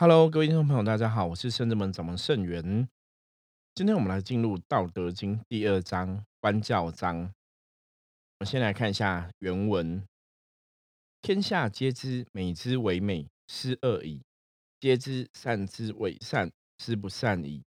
Hello，各位聽眾朋友，大家好，我是聖真門掌門聖元。今天我們來進入《道德經》第二章“觀徼章”。我們先來看一下原文：天下皆知美之為美，斯惡已；皆知善之為善，斯不善已。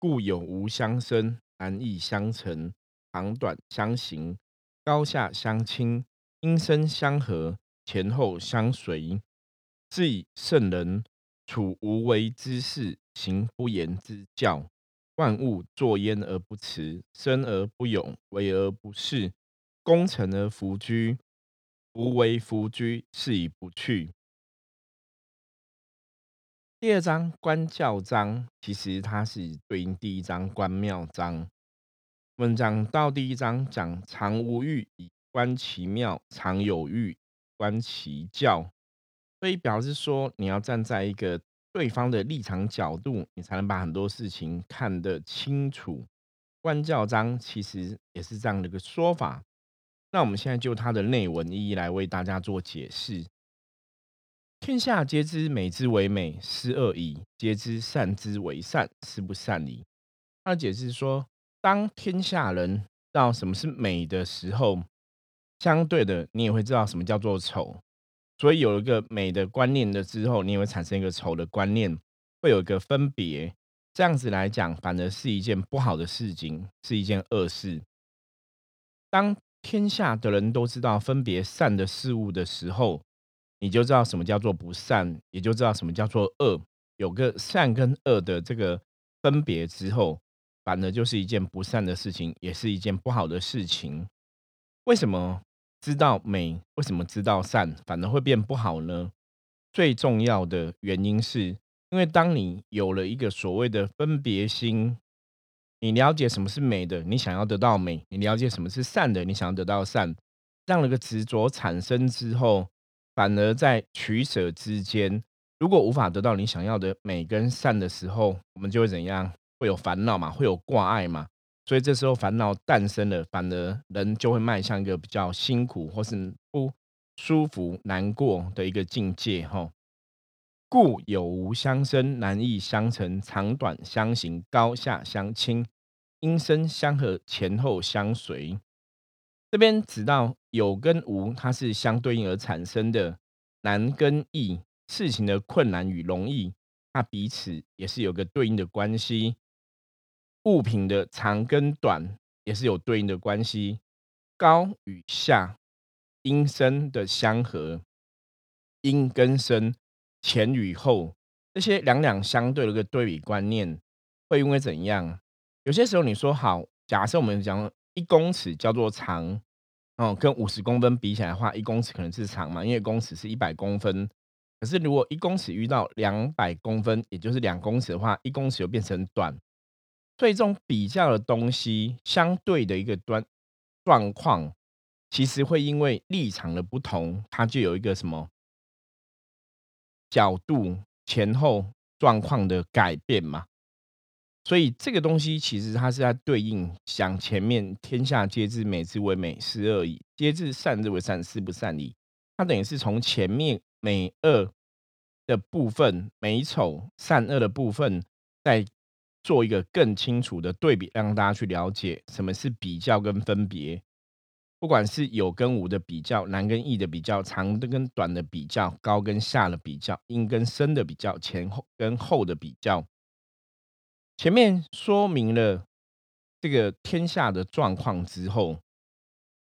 故有無相生，難易相成，長短相形，高下相傾，音聲相和，前後相隨。是以聖人處無為之事，行不言之教。萬物作焉而不辭，生而不有，為而不恃，功成而弗居。夫唯弗居，是以不去。第二章，觀徼章，其實它是對應第一章觀妙章。文章到第一章講常無欲，以觀其妙；常有欲，觀其徼。所以表示說，你要站在一個，對方的立場角度，你才能把很多事情看得清楚。觀徼章，其實也是這樣的一個說法。那我們現在就他的內文一一來為大家做解釋。天下皆知美之為美，斯惡已；皆知善之為善，斯不善已。他的解釋說，當天下人知道什麼是美的時候，相對的，你也會知道什麼叫做醜。所以有了一個美的觀念了之後，你也會產生一個醜的觀念，會有一個分別。這樣子來講，反而是一件不好的事情，是一件惡事。當天下的人都知道分別善的事物的時候，你就知道什麼叫做不善，也就知道什麼叫做惡。有個善跟惡的這個分別之後，反而就是一件不善的事情，也是一件不好的事情。為什麼？知道美，為什麼知道善反而會變不好呢？最重要的原因是，因為當你有了一個所謂的分別心，你了解什麼是美的，你想要得到美；你了解什麼是善的，你想要得到善。這樣的執着產生之後，反而在取捨之間，如果無法得到你想要的美跟善的時候，我們就會怎樣？會有煩惱嘛？會有掛礙嘛。所以這時候煩惱誕生了，反而人就會邁向一個比較辛苦或是不舒服、難過的一個境界，哦。故有無相生，難易相成，長短相形，高下相傾，音聲相和，前後相隨。這邊知道有跟無，它是相對應而產生的；難跟易，事情的困難與容易，它彼此也是有個對應的關係。物品的長跟短也是有對應的關係，高與下，音聲的相合，音跟聲，前與後，這些兩兩相對的一個對比觀念，會因為怎樣？有些時候你說好，假設我們講一公尺叫做長，哦、嗯，跟五十公分比起來的話，一公尺可能是長嘛，因為公尺是一百公分，可是如果一公尺遇到兩百公分，也就是兩公尺的話，一公尺又變成短。所以這種比較的東西，相對的一個端狀況，其實會因為立場的不同，它就有一個什麼角度前後狀況的改變嘛。所以，這個東西其實它是在對應，像前面天下皆知美之為美，斯惡已；皆知善之為善，斯不善已。它等於是從前面美惡的部分、美醜善惡的部分，在做一個更清楚的對比，讓大家去了解什麼是比較跟分別。不管是有跟無的比較，難跟易的比較，長的跟短的比較，高跟下的比較，音跟聲的比較，前後跟後的比較。前面說明了這個天下的狀況之後，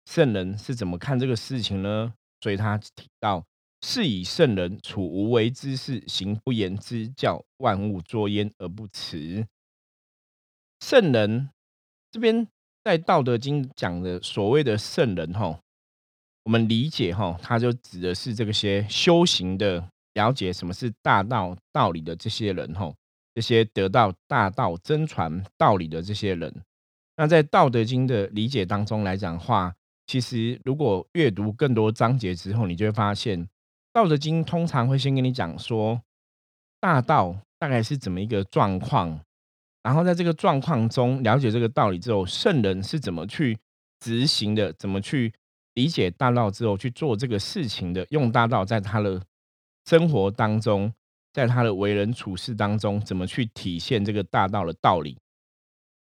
聖人是怎麼看這個事情呢？所以他提到：“是以聖人處無為之事，行不言之教，萬物作焉而不辭。”聖人，這邊在《道德經》講的所謂的聖人吼，我們理解吼，它就指的是這些修行的、了解什麼是大道道理的這些人，吼，這些得到大道真傳道理的這些人。那在《道德經》的理解當中來講的話，其實如果閱讀更多章節之後，你就會發現，《道德經》通常會先跟你講說大道大概是怎麼一個狀況。然後在這個狀況中了解這個道理之後，聖人是怎麼去執行的？怎麼去理解大道之後去做這個事情的？用大道在他的生活當中，在他的為人處事當中，怎麼去體現這個大道的道理？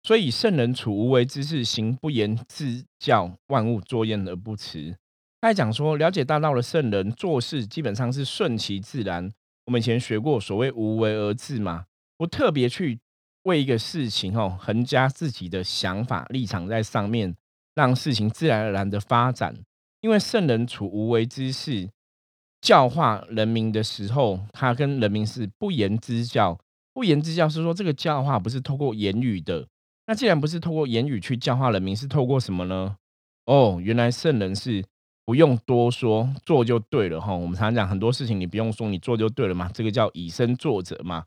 所以聖人處無為之事，行不言之教，萬物作焉而不辭。他還講說，了解大道的聖人做事基本上是順其自然。我們以前學過所謂無為而治嘛，不特別去。為一個事情吼，橫加自己的想法立場在上面，讓事情自然而然的發展。因為聖人處無為之事，教化人民的時候，他跟人民是不言之教。不言之教是說，這個教化不是透過言語的。那既然不是透過言語去教化人民，是透過什麼呢？哦，原來聖人是不用多說，做就對了吼、哦。我們常常講很多事情，你不用說，你做就對了嘛。這個叫以身作則嘛。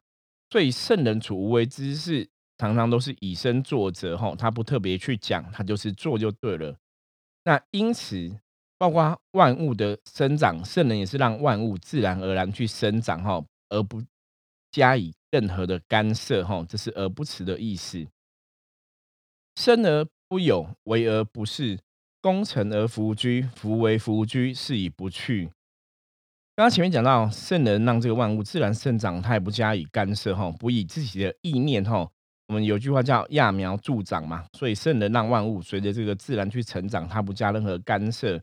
所以聖人處無為之事，常常都是以身作則吼、哦，他不特別去講，他就是做就對了。那因此，包括萬物的生長，聖人也是讓萬物自然而然去生長哈、哦，而不加以任何的干涉哈、哦，這是“而不辭”的意思。生而不有，為而不恃，功成而弗居，弗為弗居，是以不去。剛剛前面講到，聖人讓這個萬物自然生長，它也不加以干涉，哦，不以自己的意念，哦，我們有句話叫“揠苗助長”嘛，所以聖人讓萬物隨着這個自然去成長，它不加任何干涉。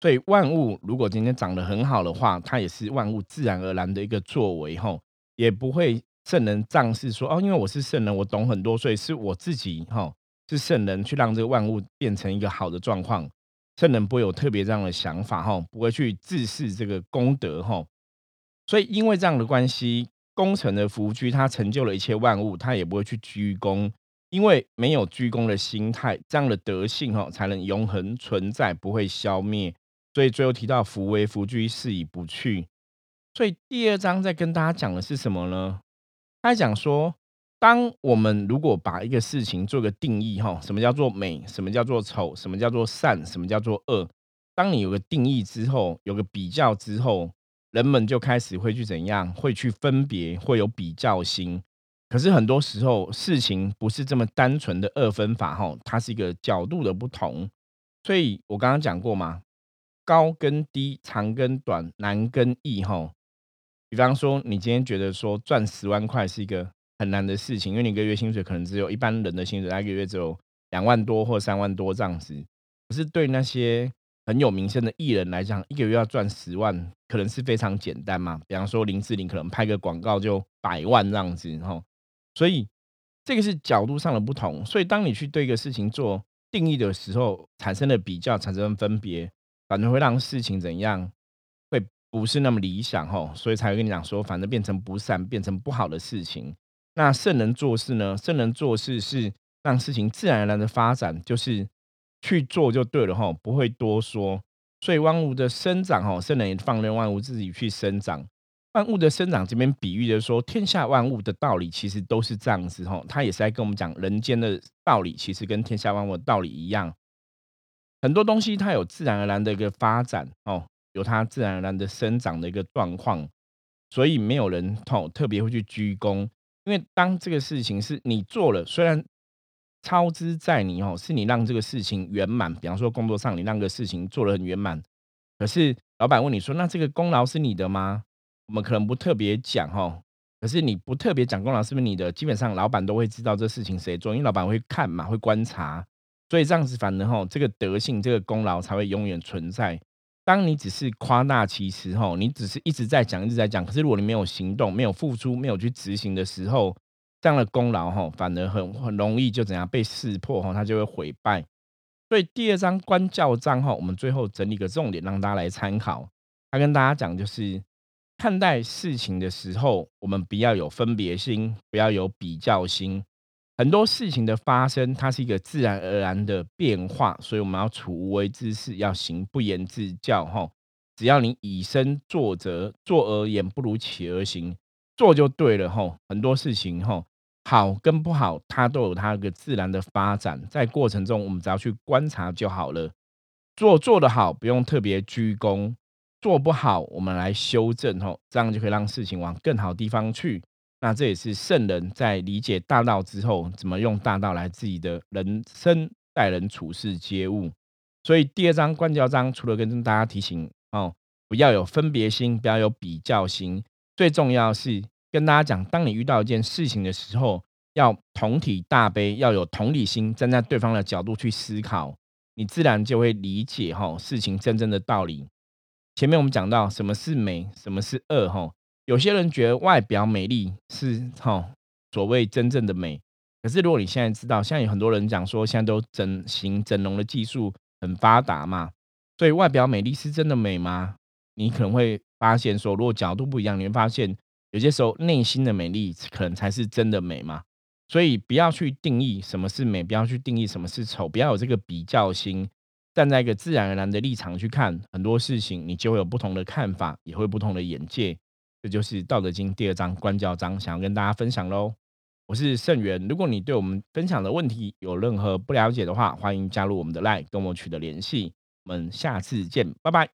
所以萬物如果今天長得很好的話，它也是萬物自然而然的一個作為吼，哦，也不會聖人仗勢說哦，因為我是聖人，我懂很多，所以是我自己吼，哦，是聖人去讓這個萬物變成一個好的狀況。聖人不會有特別這樣的想法哈，不會去自恃這個功德哈，所以因為這樣的關係，功成的弗居，他成就了一切萬物，他也不會去居功，因為沒有居功的心態，這樣的德性哈，才能永恆存在，不會消滅。所以最後提到夫唯弗居，是以不去。所以第二章在跟大家講的是什麼呢？他講說。當我們如果把一個事情做個定義，哈，什麼叫做美，什麼叫做醜，什麼叫做善，什麼叫做惡，當你有個定義之後，有個比較之後，人們就開始會去怎樣，會去分別，會有比較心。可是很多時候事情不是這麼單純的二分法，哈，它是一個角度的不同。所以我剛剛講過嘛，高跟低，長跟短，難跟易，哈。比方說，你今天覺得說賺十萬塊是一個，很難的事情，因為你一個月薪水可能只有一般人的薪水，他一個月只有兩萬多或三萬多這樣子。可是對那些很有名聲的藝人來講，一個月要賺十萬，可能是非常簡單嘛。比方說林志玲可能拍個廣告就百萬這樣子吼、哦。所以這個是角度上的不同。所以當你去對一個事情做定義的時候，產生的比較，產生分別，反正會讓事情怎樣，會不是那麼理想吼、哦。所以才會跟你講說，反正變成不善，變成不好的事情。那聖人做事呢？聖人做事是讓事情自然而然的發展，就是去做就對了哈，不會多說。所以萬物的生長哈，聖人也放任萬物自己去生長。萬物的生長這邊比喻的說，天下萬物的道理其實都是這樣子哈，他也是在跟我們講人間的道理，其實跟天下萬物的道理一樣。很多東西它有自然而然的一個發展哦，有它自然而然的生長的一個狀況，所以沒有人特特別會去居功。因為當這個事情是你做了，雖然超支在你哦，是你讓這個事情圓滿。比方說工作上，你讓個事情做得很圓滿，可是老闆問你說：“那這個功勞是你的嗎？”我們可能不特別講哦，可是你不特別講功勞是不是你的？基本上老闆都會知道這事情誰做，因為老闆會看嘛，會觀察。所以這樣子，反正哈，這個德性、這個功勞才會永遠存在。當你只是誇大其詞吼，你只是一直在講，一直在講。可是如果你沒有行動，沒有付出，沒有去執行的時候，這樣的功勞吼，反而很很容易就怎樣被識破吼，它就會毀敗。所以第二章觀徼章，我們最後整理個重點讓大家來參考。他跟大家講就是，看待事情的時候，我們不要有分別心，不要有比較心。很多事情的發生，它是一個自然而然的變化，所以我們要處無為之事，要行不言之教，吼。只要你以身作則，坐而言不如起而行，做就對了，吼。很多事情，吼，好跟不好，它都有它一個自然的發展，在過程中，我們只要去觀察就好了。做做得好，不用特別居功；做不好，我們來修正，吼，這樣就可以讓事情往更好地方去。那這也是聖人在理解大道之後，怎麼用大道來自己的人生、待人處事、接物。所以第二章《觀徼章》除了跟大家提醒哦，不要有分別心，不要有比較心，最重要是跟大家講，當你遇到一件事情的時候，要同體大悲，要有同理心，站在對方的角度去思考，你自然就會理解哈事情真正的道理。前面我們講到什麼是美，什麼是惡，哈。有些人覺得外表美麗是哈、哦、所謂真正的美，可是如果你現在知道，現在有很多人講說，現在都整型整容的技術很發達嘛，所以外表美麗是真的美嗎？你可能會發現說，如果角度不一樣，你會發現有些時候內心的美麗可能才是真的美嘛。所以不要去定義什麼是美，不要去定義什麼是醜，不要有這個比較心，站在一個自然而然的立場去看很多事情，你就會有不同的看法，也會不同的眼界。這就是《道德經》第二章“觀徼章”，想要跟大家分享嘍。我是聖元，如果你對我們分享的問題有任何不了解的話，歡迎加入我們的 LINE 跟我取得聯繫。我們下次見，拜拜。